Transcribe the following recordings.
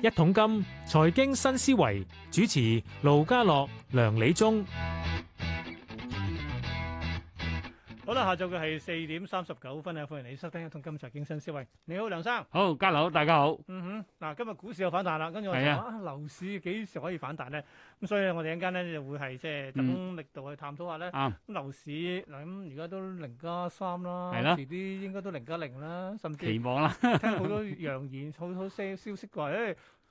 一桶金財經新思維主持：盧家樂、梁理中。好啦，下晝嘅係四點三十九分啊！歡迎你收聽一通今集經新消息。你好，梁生。好，家樓大家好。嗯哼，嗱，今日股市又反彈啦，跟住我話啊，樓市幾時可以反彈咧？咁所以咧，我哋陣間咧就會係即係等力度去探討下咧。咁樓市嗱咁而家都零加三啦，遲啲應該都零加零啦，甚至期望啦，聽好多揚言，好好些消息啩？誒。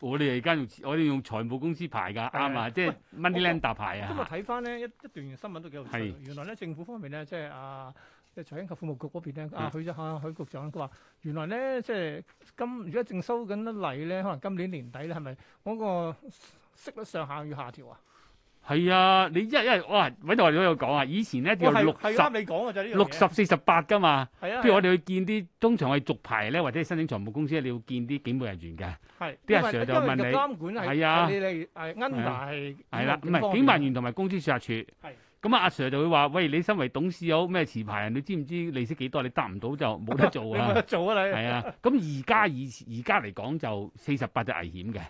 我哋而家用，我哋用財務公司牌㗎，啱啊，啊，即係 money lender 牌啊。咁啊，睇翻呢一一段新聞都幾有趣。原來咧政府方面咧，即係啊財經及服務局嗰邊咧，啊咗下許、啊、許局長佢話，原來咧即係今如果正收緊啲例咧，可能今年年底咧係咪嗰個息率上限要下調啊？係啊，你一一日哇，偉同學有講啊，以前咧就六十，60，哦、你講就呢六十四十八噶嘛，譬、啊啊、如我哋去見啲，通常係續牌咧或者申請財務公司，你要見啲警務人員嘅。係啲阿 Sir 就問你，係啊，你哋係鈞係啦，唔係、啊啊啊、警務人員同埋公司註冊處。係咁啊，阿 Sir 就會話，喂，你身為董事有咩持牌人？你知唔知利息幾多？你答唔到就冇得， 得做啊！冇得做啊！你係啊，咁而家而而家嚟講就四十八就危險嘅。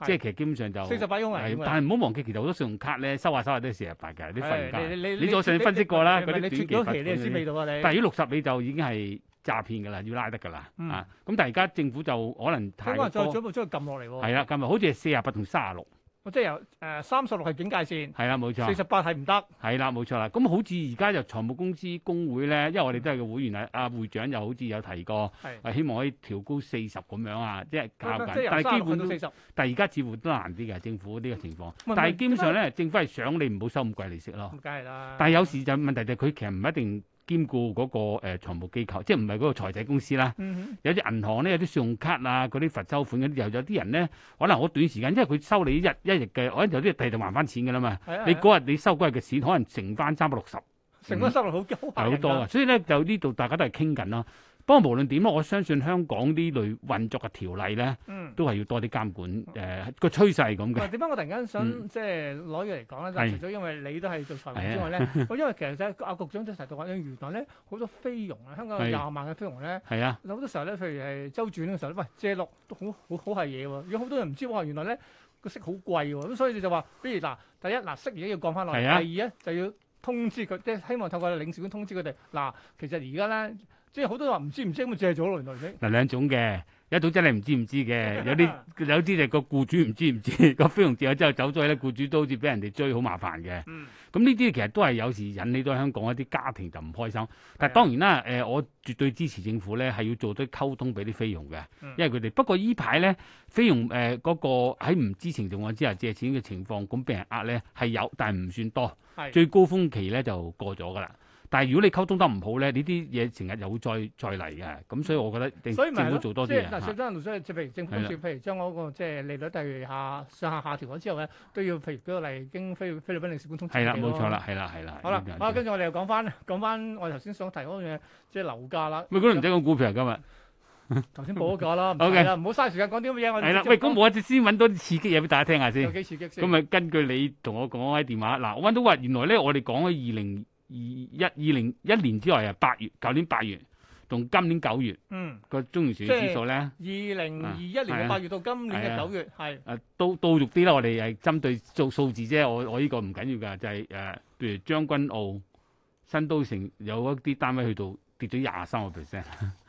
即、就、係、是、其實基本上就四十八，但係唔好忘記，其實好多信用卡咧收下收下都係四十八㗎，啲分加。你、你我上次分析過啦。你出咗期你先味道啊！你，你，你，你，你但係喺六十你就已經係詐騙㗎啦，要拉得㗎啦啊！咁但係而家政府就可能太可能再準備將佢撳落嚟喎。係啦，撳埋。好似係四十八同三十六。我即係由誒三十六係警戒線，係啦冇錯，四十八係唔得，係啦冇錯啦。咁好似而家就財務公司工會咧，因為我哋都係個會員啊，啊、嗯、會長又好似有提過，希望可以調高四十咁樣啊，即係加緊，但係基本都四十。但係而家似乎都難啲嘅政府呢個情況，但係基本上咧，政府係想你唔好收咁貴利息咯。咁梗係啦。但係有時就問題就係佢其實唔一定。兼顧嗰、那個誒財、呃、務機構，即係唔係嗰個財仔公司啦。有啲銀行咧，有啲信用卡啊，嗰啲罰收款嗰啲，又有啲人咧，可能好短時間，因為佢收你一日一日嘅，可能有啲係就還翻錢㗎啦嘛。你嗰日你收嗰日嘅錢，可能剩翻三百六十，成翻收落好幾倍。係、嗯、好多啊。所以咧就呢度大家都係傾緊啦。不過無論點啊，我相信香港呢類運作嘅條例咧、嗯，都係要多啲監管，誒、呃嗯、個趨勢咁嘅。嗱，點解我突然間想即係攞嘢嚟講咧？但、嗯、係、呃、除咗因為你都係做財務之外咧，因為其實阿、 啊、局長都提到話、哎，原來咧好多菲傭啊，香港廿萬嘅菲傭咧，有好多時候咧，譬如係週轉嘅時候咧，喂借落都好好好係嘢喎，如果好多人唔知喎，原來咧個息好貴喎，咁所以就話，譬如嗱，第一嗱息而家要降翻落，第二咧就要通知佢，即係希望透過領事館通知佢哋。嗱，其實而家咧。即係好多話唔知唔知，咁借咗來來嗱兩種嘅，一種真係唔知唔知嘅， 有啲有啲就個僱主唔知唔知個菲傭借咗之後走咗去咧，僱主都好似俾人哋追好麻煩嘅。咁呢啲其實都係有時引起到香港一啲家庭就唔開心。嗯、但係當然啦、啊呃，我絕對支持政府咧係要做多溝通俾啲菲傭嘅，因為佢哋、嗯、不過依排咧菲傭嗰個喺唔知情狀況之下借錢嘅情況，咁俾人呃咧係有，但係唔算多。最高峰期咧就過咗㗎啦。但如果你溝通得唔好咧，呢啲嘢成日又會再再嚟嘅。咁所以我覺得政府做多啲，所以唔係即係上以即係譬如政府，即係譬如將我、嗰個即係、即係、利率低下上下下調咗之後咧，都要譬如舉個例經菲律菲律賓領事館通知。係啦，冇錯啦，係啦，係啦。好啦，好啦，跟住我哋又講翻講翻我頭先想提嗰樣，即係樓價啦。咪嗰度唔使講股票啊，今日頭先冇嗰個啦，係啦，唔好嘥時間講啲咁嘅嘢。係啦，喂，咁我次先揾多啲刺激嘢俾大家聽下先。有幾刺激先？咁咪根據你同我講喺電話嗱，溫到話原來咧，我哋講咗二零。二一二零一年之內啊，八月舊年八月同今年九月，嗯，個中原市嘅指數咧，二零二一年嘅八月到今年嘅九月，係啊，是啊，是啊是都到肉啲啦。我哋係針對做數字啫。我我呢個唔緊要噶，就係、是、誒，譬、啊、如將軍澳新都城有一啲單位去到跌咗廿三個 percent，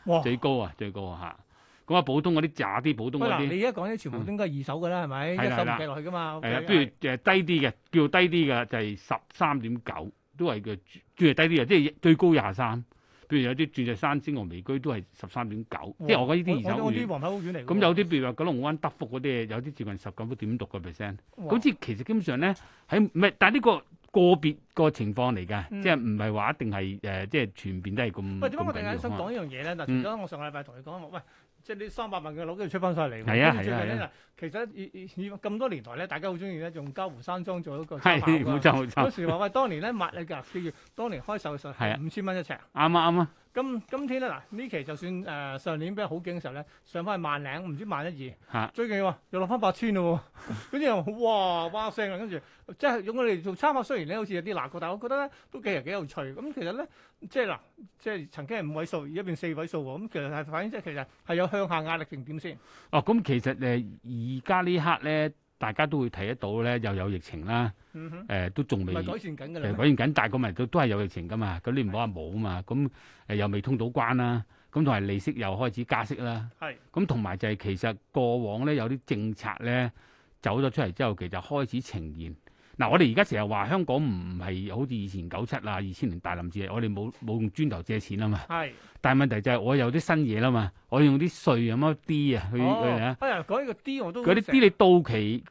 哇最高啊，最高嚇、啊。咁啊，啊，普通嗰啲渣啲，普通嗰啲你而家講啲全部應該二手㗎啦，係咪一手唔計落去㗎嘛？不、啊 okay, 啊、如誒、啊、低啲嘅叫低啲嘅就係十三點九。都係嘅轉，轉低啲嘅，即係最高廿三。譬如有啲轉嘅山莊、美居都係十三點九，即係我覺得呢啲二手會。我啲黃頭屋苑嚟。咁、啊、有啲，譬如話九龍灣德福嗰啲，有啲接近十九點六個 percent。好似其實基本上咧，喺唔係，但係呢個個別個情況嚟㗎、嗯，即係唔係話一定係誒，即、呃、係全邊都係咁、嗯。喂，點解我突然間想講呢樣嘢咧？嗱，除咗我上個禮拜同你講話，喂。即係、啊、呢三百萬嘅攞都要出翻晒嚟。係啊係啊，其實以以咁多年來咧，大家好中意咧用嘉湖山莊做一個招牌係，好真好真。嗰時話喂，當年咧賣你㗎，叫做當年開售係五千蚊一尺。啱啊啱啊。咁，今天咧嗱，呢期就算誒、呃、上年比較好景嘅時候咧，上翻去萬零，唔知萬一二，最近又落翻八千嘞喎，嗰啲人哇哇聲啊，跟住即係用我哋做參考，雖然咧好似有啲難過，但係我覺得咧都幾係幾有趣。咁其實咧，即係嗱，即係曾經係五位數，而家變四位數喎，咁其實係反映即係其實係有向下壓力定點先。哦，咁、嗯、其實誒而家呢刻咧，大家都會睇得到咧，又有疫情啦。嗯呃、都仲未改善，改善緊，改善，改善緊，但係個問題都都係有疫情噶嘛。咁你唔好話冇啊嘛。咁、呃、又未通到關啦。咁同埋利息又開始加息啦。係。咁同埋就係其實過往咧有啲政策咧走咗出嚟之後，其實開始呈現。嗱、啊，我哋而家成日話香港唔係好似以前九七啊、二千年大冧市，我哋冇冇用磚頭借錢啊嘛。係，但係問題就係我有啲新嘢啦嘛，我用啲稅咁樣啲啊去啊、哦。哎呀，講呢個啲我都嗰啲啲你到期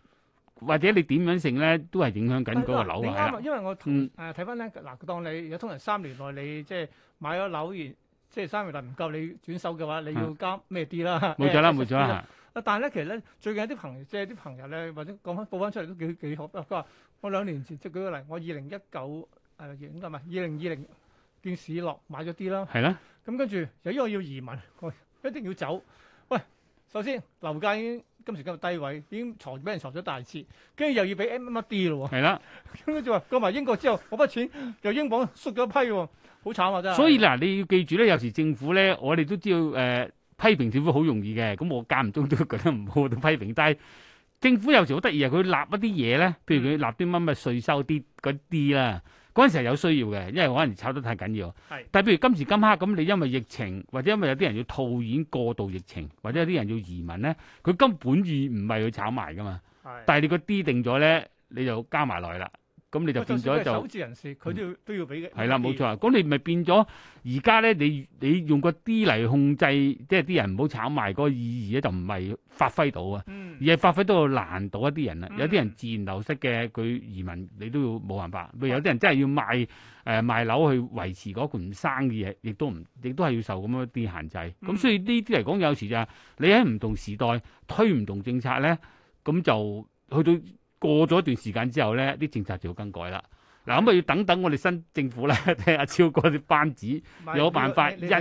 或者你點樣剩咧，都係影響緊嗰個樓啊。因為我睇翻咧，嗱、嗯啊，當你如果通常三年內你即係買咗樓完，即係三年內唔夠你轉手嘅話，你要交咩啲啦？冇咗啦，冇咗啦。但係咧，其實咧，最近有啲朋即係啲朋友咧，或者講翻報翻出嚟都幾幾好，佢話。啊我兩年前即舉個例，我二零一九誒應該唔係二零二零見市落買咗啲啦。係啦。咁跟住由於我要移民，一定要走。喂，首先樓價已經今時今日低位，已經藏俾人藏咗大蝕，跟住又要俾 MMD 咯喎。係啦。跟住話過埋英國之後，我筆錢由英鎊縮咗一批喎，好慘啊真係。所以嗱，你要記住咧，有時政府咧，我哋都知道誒、呃、批評政府好容易嘅，咁我間唔中都覺得唔好評，都批評，低。政府有時好得意啊！佢立一啲嘢咧，譬如佢立啲乜乜稅收啲嗰啲啦，嗰陣時係有需要嘅，因為可能炒得太緊要。係，但係譬如今時今刻咁，你因為疫情或者因為有啲人要套現過渡疫情，或者有啲人要移民咧，佢根本意唔係去炒埋噶嘛。係，但係你個啲定咗咧，你就加埋來啦。咁你就變咗就、嗯，佢都要都要俾嘅。係啦，冇錯。咁你咪變咗，而家咧你你用個啲嚟控制，即係啲人唔好炒賣，個意義咧，就唔係發揮到啊，嗯，而係發揮到難到一啲人啊，嗯，有啲人自然流失嘅，佢移民你都要冇辦法。有啲人真係要賣誒、啊呃，賣樓去維持嗰盤生意，亦都唔亦都係要受咁樣啲限制。咁、嗯、所以呢啲嚟講，有時就係你喺唔同時代推唔同政策咧，咁就去到。過咗一段時間之後咧，啲政策就要更改啦。嗱，咁啊要等等我哋新政府啦，睇阿超嗰啲班子有冇辦法因時制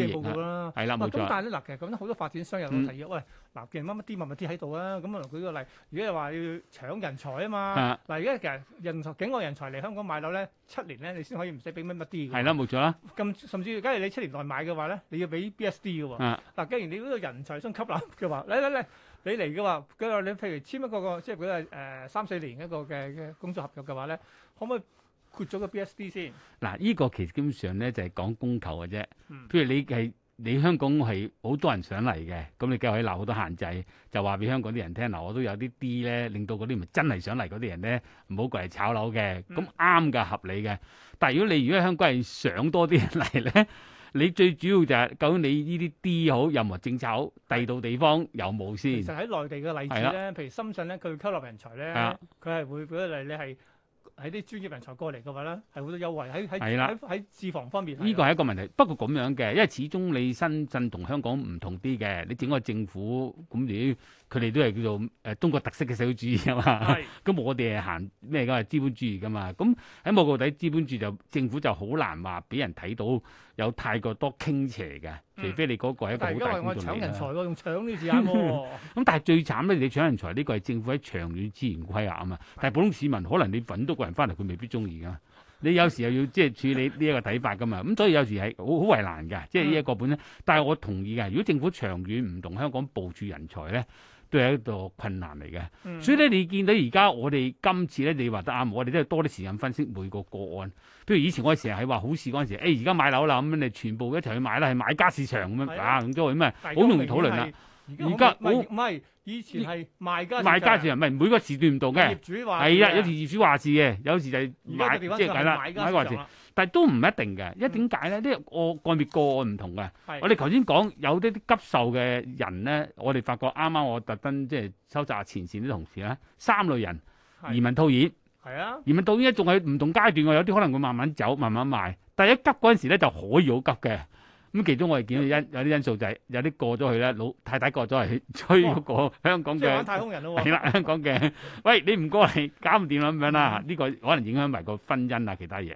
宜。係啦，冇錯。咁但係咧，嗱，其實咁好多發展商又有提議，喂，嗱，既然乜乜啲乜乜啲喺度啊，咁啊舉個例，如果話要搶人才啊嘛，嗱，而家其實人境外人才嚟香港買樓咧，七年咧，你先可以唔使俾乜乜啲。係啦，冇錯啦。咁甚至，假如你七年內買嘅話咧，你要俾 BSD 嘅喎。嗱，既然你嗰個人才想吸納，嘅話嚟嚟嚟。你嚟嘅話，嗰你譬如你簽一個個即係嗰個誒三四年一個嘅嘅工作合約嘅話咧，可唔可以豁咗個 B S D 先？嗱，呢個其實基本上咧就係、是、講供求嘅啫、嗯。譬如你係你香港係好多人想嚟嘅，咁你梗可以立好多限制，就話俾香港啲人聽，嗱，我都有啲啲咧，令到嗰啲咪真係想嚟嗰啲人咧，唔好過嚟炒樓嘅，咁啱嘅合理嘅。但係如果你如果香港係想多啲人嚟咧。 你最主要就係究竟你呢啲啲好任何政策好，第度地方有冇先？其實喺內地嘅例子咧，譬如深圳咧，佢吸納人才咧，佢係會俾咗你，你係喺啲專業人才過嚟嘅話咧，係好多優惠喺喺喺喺住房方面。呢個係一個問題，不過咁樣嘅，因為始終你深圳同香港唔同啲嘅，你整個政府咁你佢哋都係叫做誒、呃、中國特色嘅社會主義啊嘛，咁、嗯、我哋係行咩㗎？係資本主義㗎嘛。咁喺我個底資本主義就政府就好難話俾人睇到有太過多傾斜嘅，除非你嗰個係一個好大嘅、嗯、我搶人才喎，用搶呢字眼喎。咁 嗯嗯、但係最慘咧，你搶人才呢個係政府喺長遠資源規劃啊嘛。但係普通市民可能你揾到個人翻嚟佢未必中意噶。你有時又要即係處理呢一個睇法㗎嘛。咁所以有時係好好為難嘅，即係呢一個本咧、嗯。但係我同意嘅，如果政府長遠唔同香港部署人才咧。都係一個困難嚟嘅、嗯，所以咧你見到而家我哋今次咧，你話得啱，我哋都係多啲時間分析每個個案。譬如以前我哋成日喺話好事嗰陣時，誒、而家買樓啦，咁、嗯、你全部一齊去買啦，係買家市場咁樣啊，咁作為咩，好容易討論啦。而家好唔係以前係賣、賣家，賣家市場唔係，每個時段唔同嘅，業主話係啊，有時業主話事嘅，有時就係買，即係買，買家話事。但係都唔一定嘅，因為點解咧？呢個個別個案唔同嘅。我哋頭先講有啲啲急售嘅人咧，我哋發覺啱啱我特登即係收集下前線啲同事咧，三類人移民套現係啊，移民套現咧仲喺唔同階段有啲可能會慢慢走、慢慢賣。但係一急嗰陣時咧就可以好急嘅。咁其中我哋見到因有啲因素就係、是、有啲過咗去啦，老太太過咗嚟追嗰個香港嘅、哦、太空人啦。香港嘅，喂你唔過嚟搞唔掂咁樣啦，呢、嗯這個可能影響埋個婚姻啊、其他嘢。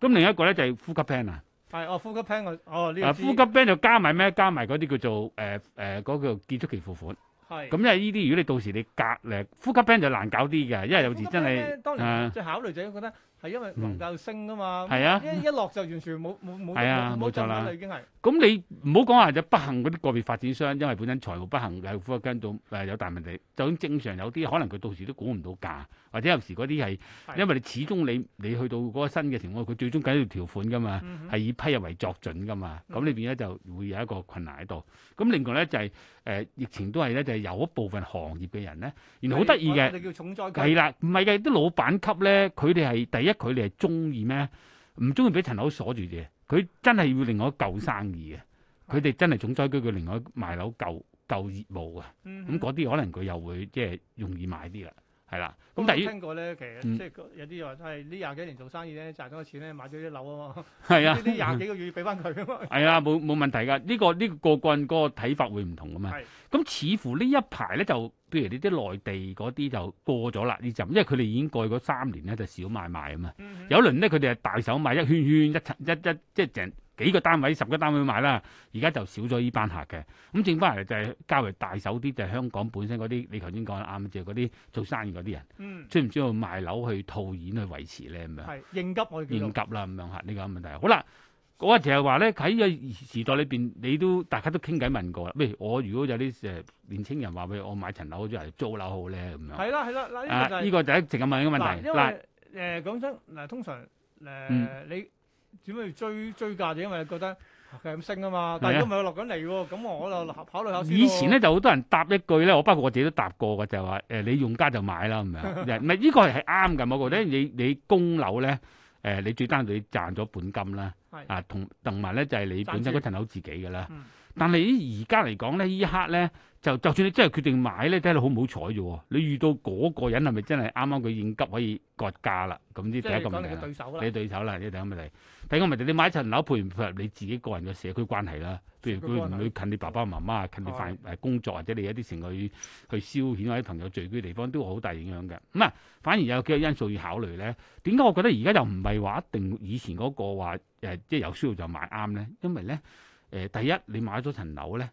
咁另一個咧就係、是、呼吸 plan 啊，係哦，呼吸 plan 哦，呢呼吸 plan 就加埋咩？加埋嗰啲叫做誒誒嗰叫建築期付款，係，咁因為呢啲如果你到時你隔誒呼吸 plan 就難搞啲嘅，因為有時真係當然，即係考慮就覺得。呃係因為樓價又升啊嘛，嗯、是啊一，一落就完全冇冇冇冇震啦，已經係。咁你唔好講話就不幸嗰啲個別發展商，因為本身財務不幸，有負擔到誒有大問題。就算正常有啲，可能佢到時都估唔到價或者有時嗰啲係因為你始終你你去到嗰個新嘅情況，佢最終緊要條款㗎嘛，係、嗯、以批入為作準㗎嘛。咁呢邊咧就會有一個困難喺度。咁另外咧就係、是、誒、呃、疫情都係咧就是、有一部分行業嘅人咧，原來好得意嘅，的我哋叫重災。係啦，唔係嘅，啲老闆級咧，佢哋係第。一佢哋係中意咩？唔中意俾層樓鎖住嘅，佢真係要另外一舊生意嘅。佢哋真係總災區，佢另外賣樓舊舊業務啊。咁嗰啲可能佢又會即係容易買啲啦。係啦、啊，咁第二聽過咧、嗯，其實即係有啲話，即係呢廿幾年做生意咧，賺咗錢咧，買咗啲樓啊 嘛，啊，呢廿幾個月俾翻佢啊嘛，係啊，冇冇問題噶，呢個呢個個個人嗰個睇法會唔同噶嘛，咁似乎呢一排咧就，譬如呢啲內地嗰啲就過咗啦呢陣，因為佢哋已經過去三年咧就少買賣啊嘛，嗯嗯有一輪咧佢哋係大手買一圈圈一一一即係成。幾個單位、十個單位買啦，而家就少咗呢班客嘅。咁正翻嚟就係交為大手啲，就係、是、香港本身嗰啲。你頭先講得啱，就嗰啲做生意嗰啲人，嗯，需唔需要賣樓去套現去維持咧咁樣？係應急，我應急啦咁樣嚇呢個問題。好啦，個問題係話咧喺個時代裏邊，你都大家都傾偈問過啦。譬如我如果有啲誒年青人話俾我買層樓好，定係租樓好咧咁樣？係啦係啦，嗱呢、這個就係一直咁問呢個問題嗱。誒講真嗱，通常誒、呃嗯、你。點解要追追價嘅？因為覺得係咁升啊嘛，但係而家咪落緊嚟喎，咁我就考慮下先。以前咧就好多人答一句咧，我包括我自己都答過嘅，就係、是、話：誒、呃，你用家就買啦，係咪？唔係，呢個係啱嘛。我覺得你你供樓咧，誒、呃，你最單獨賺咗本金啦，啊同埋咧就係、是、你本身嗰層樓自己嘅啦。但係而家嚟講咧，依一刻咧就就算你真係決定買咧，睇你好唔好彩啫喎！你遇到嗰個人係咪真係啱啱佢應急可以割價啦？咁呢第一個問題啦，你對手啦，呢第一個問題。第二個問題，你買一層樓，配唔配合你自己個人嘅社區關係啦。譬如佢唔會近你爸爸媽媽，近你工作或者你一啲成個去消遣或者朋友聚居嘅地方，都好大影響嘅。咁係，反而有幾個因素要考慮咧。點解我覺得而家又唔係話一定以前嗰個話誒，即係有需要就買啱咧？因為咧。誒第一，你買咗層樓咧，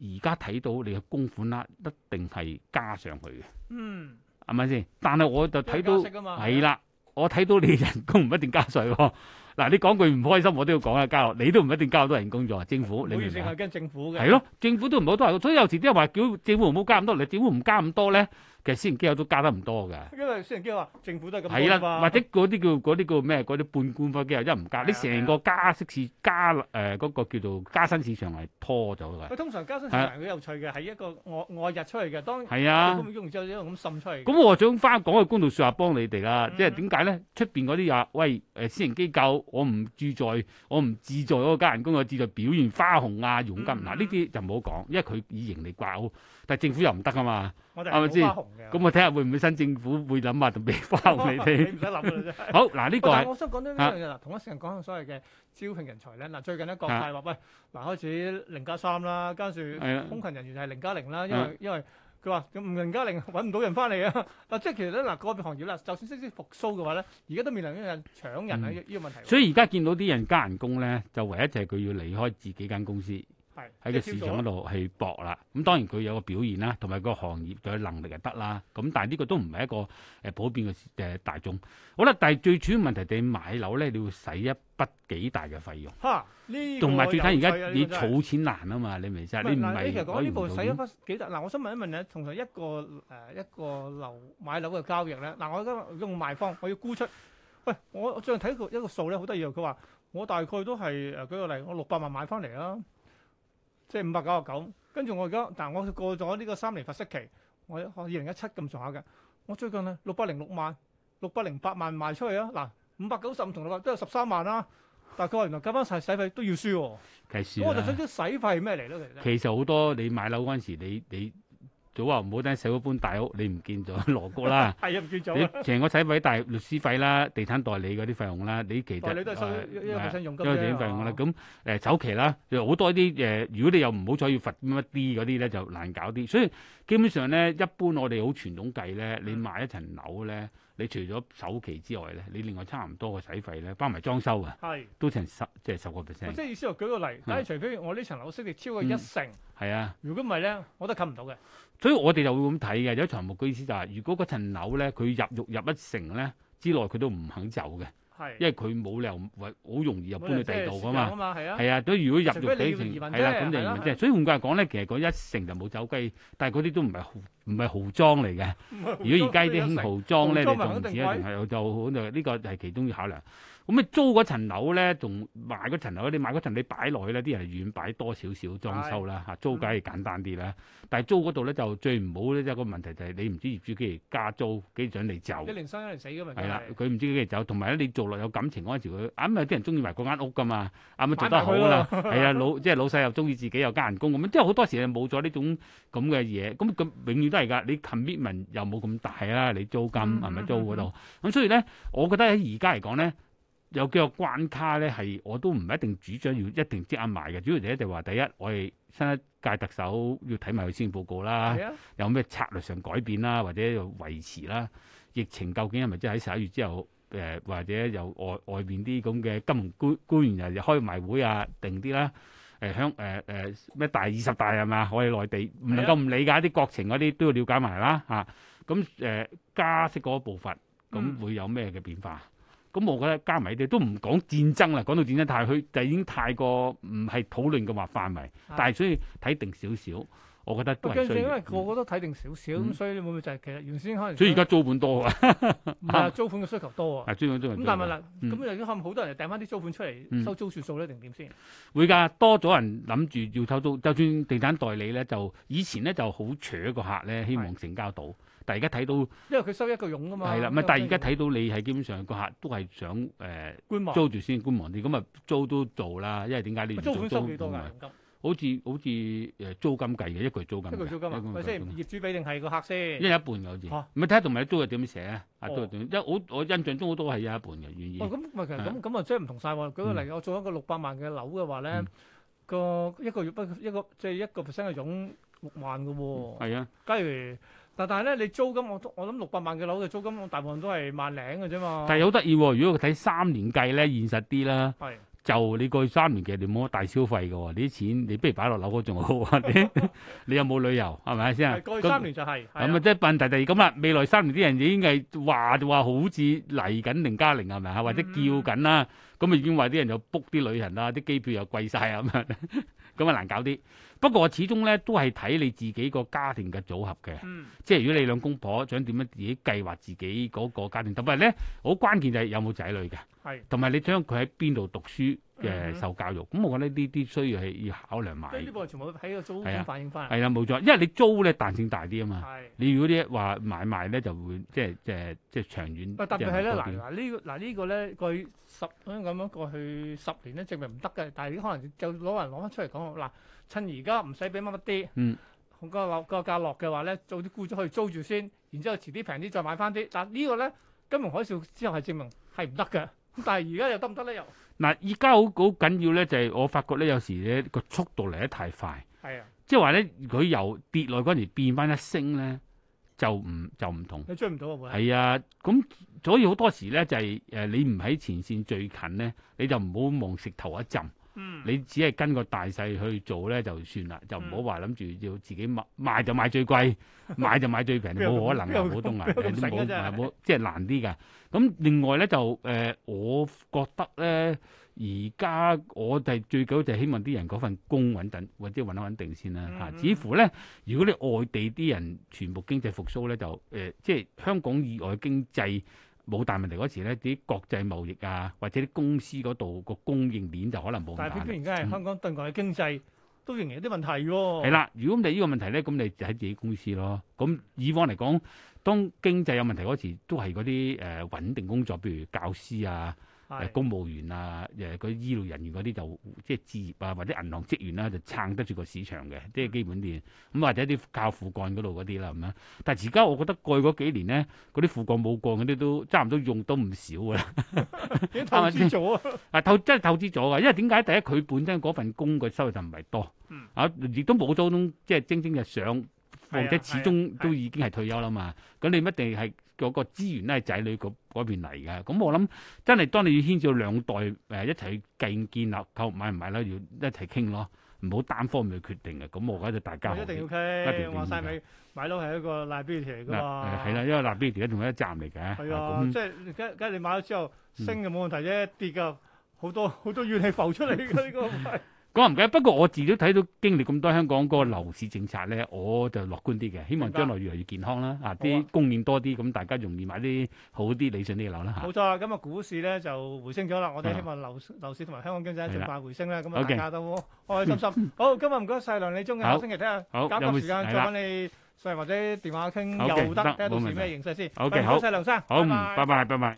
而家睇到你嘅供款啦，一定係加上去嘅。嗯，係咪先？但係我就睇到，係啦，我睇到你人工唔一定加稅喎。嗱，你講句唔開心，我都要講下，加，你都唔一定加咁多人工喎。政府，你明白？係跟政府嘅。係咯，政府都唔好多人，所以有時啲人話叫政府唔好加咁多，你政府唔加咁多咧。其實私營機構都加得唔多噶，因為私營機構話、啊、政府都係咁多係啦、啊，或者嗰啲叫啲叫咩？嗰啲半官方機構一唔加，啊、你成個加息市加誒嗰個叫做加薪市場係拖咗噶。佢通常加薪市場好有趣嘅，係、啊、一個外外溢出嚟嘅，當然係啊，咁用之後一路咁滲出嚟。咁我想花講嘅公道說話幫你哋啦、嗯，即係點解咧？出邊嗰啲啊，喂，誒，私營機構，我唔住在，我唔自在嗰個加人工，我自在表現花紅啊，佣金嗱呢啲就唔好講，因為佢以盈利掛但係政府又唔得啊嘛，係咪先？咁我睇下會唔會新政府會諗下，同俾花紅你哋。唔使諗。好嗱，呢個啊，同一時間講嘅所謂嘅招聘人才咧，嗱，最近咧國泰話喂，嗱開始零加三啦，跟住空勤人員係零加零啦，因為因為佢話咁零加零揾唔到人翻嚟啊。嗱即係其實咧嗱，個行業啦，就算即使復甦嘅話咧，而家都面臨緊搶人啊呢個問題。所以而家見到啲人加人工咧，就唯一就係佢要離開自己間公司。係喺個市場一路係搏啦。咁當然佢有個表現啦，同埋個行業有能力就得啦。咁但係呢個都唔係一個誒普遍嘅誒大眾好啦。但係最主要問題，你買樓咧，你要使一筆幾大嘅費用嚇。呢同埋最緊、啊，而家你儲錢難啊嘛。你明唔明先？嗱，你其實講呢部使一筆幾大嗱？我想問一問咧，通常一個誒、呃、一個樓買樓嘅交易咧，嗱，我今日用果賣方我要沽出喂，我最近睇一個一個數咧，好得意啊。佢話我大概都係誒舉個例，我六百萬買翻嚟啦。即係五百九十九，跟住我而家，但我過咗呢個三年罰息期，我二零一七咁上下嘅，我最近啊六百零六萬、六百零八萬賣出去啊，嗱五百九十五同六百都有十三萬啦。但係佢話原來計翻曬使費都要輸喎，其實我就想知使費係咩嚟咯，其實。其實好多你買樓嗰陣時你，你你。早話唔好等社會搬大屋，你唔見咗蘿蔔啦。係啊，唔 見咗。成個洗費大律師費啦、地產代理嗰啲費用啦，你其他代理都係收、呃，因為用金。因為費用啦，咁、嗯、誒、呃、首期啦，就好多啲誒、呃。如果你又唔好彩要罰一啲嗰啲咧，就難搞啲。所以基本上咧，一般我哋好傳統計咧，你買一層樓咧，你除咗首期之外咧，你另外差唔多個使費咧，包埋裝修啊，都成十即係十個 percent。即係意思話舉個例，但係除非我呢層樓收益超過一成，係、嗯、啊，如果唔係咧，我都冚唔到嘅。所以我哋就會咁睇嘅，有一場木嘅意思就係、是，如果嗰層樓咧佢入獄入一成咧之內，佢都唔肯走嘅，因為佢冇理由為好容易入搬去第二度噶嘛，係啊，所以、啊、如果入獄幾成，係啦，咁、啊、就疑問、啊啊、所以換句話講咧，其實嗰一成就冇走雞，但係嗰啲都唔係豪唔係豪裝嚟嘅。如果而家啲興豪裝咧，豪裝豪裝你仲唔止一仲係就揾呢個係其中要考量。咁你租嗰層樓咧，同買嗰層樓？你買嗰層你擺落去咧，啲人遠擺多少少裝修啦嚇。租梗係簡單啲啦，嗯、但係租嗰度咧就最唔好咧，一個問題就係你唔知道業主幾時加租，幾時想你走。一年生一年死噶嘛。係啦，佢唔知幾時走。同埋咧，你做落有感情嗰陣時，佢啱啱啲人中意埋嗰間屋噶嘛，啱、啊、啱做得好啦。係啊， 老即係老細又中意自己又加人工咁樣，即係好多時冇咗呢種咁嘅嘢。咁佢永遠都係㗎，你 commitment 又冇咁大啦。你租金係咪、嗯、租嗰度？咁、嗯嗯、所以咧，我覺得喺而家嚟講咧。有幾個關卡咧，係我都唔一定主張要一定即刻買埋嘅。主要就一定話，第一我哋新一屆特首要睇埋佢先報告啦，有咩策略上改變啦，或者維持啦。疫情究竟係咪即係喺十一月之後？誒、呃，或者有外外邊啲咁嘅金融官員又、啊、開埋會啊，定啲啦。誒香誒誒咩大二十大係嘛？我哋內地唔能夠唔理解啲國情嗰啲都要了解埋啦嚇。咁、啊、誒、呃、加息嗰步伐，咁會有咩嘅變化？嗯咁我覺得加埋你哋都唔講戰爭啦，講到戰爭太佢就已經太過唔係討論嘅話範圍。但係所以睇定少少，我覺得都係。因為個個都睇定少少，咁、嗯、所以你會唔會就係其實原先可能。所以而家租盤多啊， 租盤嘅需求多啊。租盤租盤。咁、嗯、但係嗱，咁、嗯、有啲可能好多人都訂翻啲租盤出嚟收租算數咧，定點先？會㗎，多咗人諗住要收租，就算地產代理咧，就以前咧就好搶一個客咧，希望成交到。但而家睇到，因為佢收一個傭㗎嘛。係啦，唔係。但係而家睇到你係基本上個客都係想誒租住先觀望啲，咁啊租都做啦。因為點解你租款收幾多啊？租金好似好似誒租金計嘅，一個係租金。一個租金啊，係先業主俾定係個客先？一人一半好似。嚇唔係睇下同埋租又點寫啊？阿租又點？因為我我印象中好多係一人一半嘅，願意。哦咁唔係其實咁咁啊，即係唔同晒喎。舉個例，我做一個六百萬嘅樓嘅話咧，個一個月不一個即係一個 percent 嘅傭六萬㗎喎。係啊，假如。但係咧，你租金我我諗六百萬嘅樓嘅租金，大部分都係萬零嘅啫嘛。但係好得意喎，如果佢睇三年計咧，現實啲啦。係就你過去三年其實你冇乜大消費嘅喎，你啲錢你不如擺落樓嗰仲好啲。 你有冇旅遊係咪先啊？過去三年就係咁啊！即係問題第二咁啦。未來三年啲人已經係話就話好似嚟緊零加零係咪啊？或者叫緊啦。咁、嗯、啊已經話啲人就 book 啲旅行啦，啲機票又貴晒啊咁樣，咁啊難搞啲。不過我始終咧都係睇你自己個家庭嘅組合嘅、嗯，即係如果你兩公婆想點樣自己計劃自己嗰個家庭，同埋咧好關鍵就係有冇仔女嘅，同埋你將佢喺邊度讀書。嘅、就是、受教育，咁、嗯、我覺得呢啲需要係要考量埋。即係呢部全部喺個租已經反映翻。係啦、啊，冇、啊、錯，因為你租咧彈性大啲啊嘛。係。你如果啲話買賣咧就會即係即係即係長遠。特別係咧，嗱、就、嗱、是這個這個這個、呢個嗱呢個咧過去十咁樣、嗯、過去十年咧證明唔得嘅，但係可能就攞人攞翻出嚟講，嗱趁而家唔使俾乜乜啲。嗯。個落個價落嘅話咧，做啲估咗去租住先，然之後遲啲平啲再買翻啲。但係呢個咧金融海嘯之後係證明係唔得嘅。咁但係而家又得唔得咧？又 嗱，而家好好緊要咧，就係我發覺咧，有時咧個速度嚟得太快，係啊，即係話咧，佢由跌落嗰陣時變翻一升咧，就唔就唔同。你追唔到啊？係啊，咁所以好多時咧就係誒，你唔喺前線最近咧，你就唔好望石頭一浸。你只係跟個大細去做咧，就算啦，就唔好話諗住要自己賣就賣最貴，買、嗯、就買最平，冇 可能啊！好多危險，冇即係難啲㗎。咁、嗯、另外咧就、呃、我覺得咧，而家我係、就是、最久，就希望啲人嗰份工穩陣，或者穩得穩定先啦嚇。嗯、似乎咧，如果你外地啲人全部經濟復甦咧，就、呃、即係香港以外經濟。冇大問題嗰時咧，啲國際貿易啊，或者啲公司嗰度個供應鏈就可能冇問題。但係偏偏而家係香港對外、嗯、經濟都仍然有啲問題喎、啊。係啦，如果唔係呢個問題咧，咁你就喺自己公司咯。咁以往嚟講，當經濟有問題嗰時，都係嗰啲誒穩定工作，譬如教師啊。公務員啊，誒啲醫療人員嗰啲就即係置業啊，或者銀行職員啦、啊，就撐得住個市場嘅，即、就、係、是、基本啲。咁或者啲靠副幹嗰度嗰啲啦，但係而家我覺得過去幾年咧，嗰啲副幹冇幹嗰啲都差唔多用到唔少，都唔少㗎啦。投資咗 啊，透真係、啊啊、投資咗㗎，因為點解第一佢本身嗰份工個收入就唔係多，啊，亦都冇咗種即係蒸蒸日上。或者 始終都已經係退休啦嘛是、啊，咁、啊啊、你一定係嗰個資源咧係仔女嗰邊嚟嘅，咁我諗真係當你要牽涉兩代一齊建建立購買唔買咧，要一齊傾咯，唔好單方面去決定嘅。咁我覺得大家要去一定要晒尾。定話你買樓係一個 i t 條嚟嘅嘛。係啦、啊啊，因為拉皮條而家仲有一站嚟嘅。係啊，是即係，梗梗你買咗之後升就冇問題啫，跌嘅好多好多怨氣浮出嚟嘅呢個。講唔緊，不過我自己都睇到經歷咁多香港個樓市政策咧，我就樂觀啲嘅，希望將來越嚟越健康啦。啊，啲供應多啲，咁大家容易買啲好啲、理想啲嘅樓啦。吓，冇錯。今日，股市咧就回升咗啦。我哋希望樓樓市同埋香港經濟盡快回升咧，咁大家都開心心。好，今日唔該晒梁理中，下個星期睇下，揀個時間再揾你，或者電話傾又得，睇下到時咩形勢先。好嘅，好。唔該晒，梁生，拜拜，拜拜。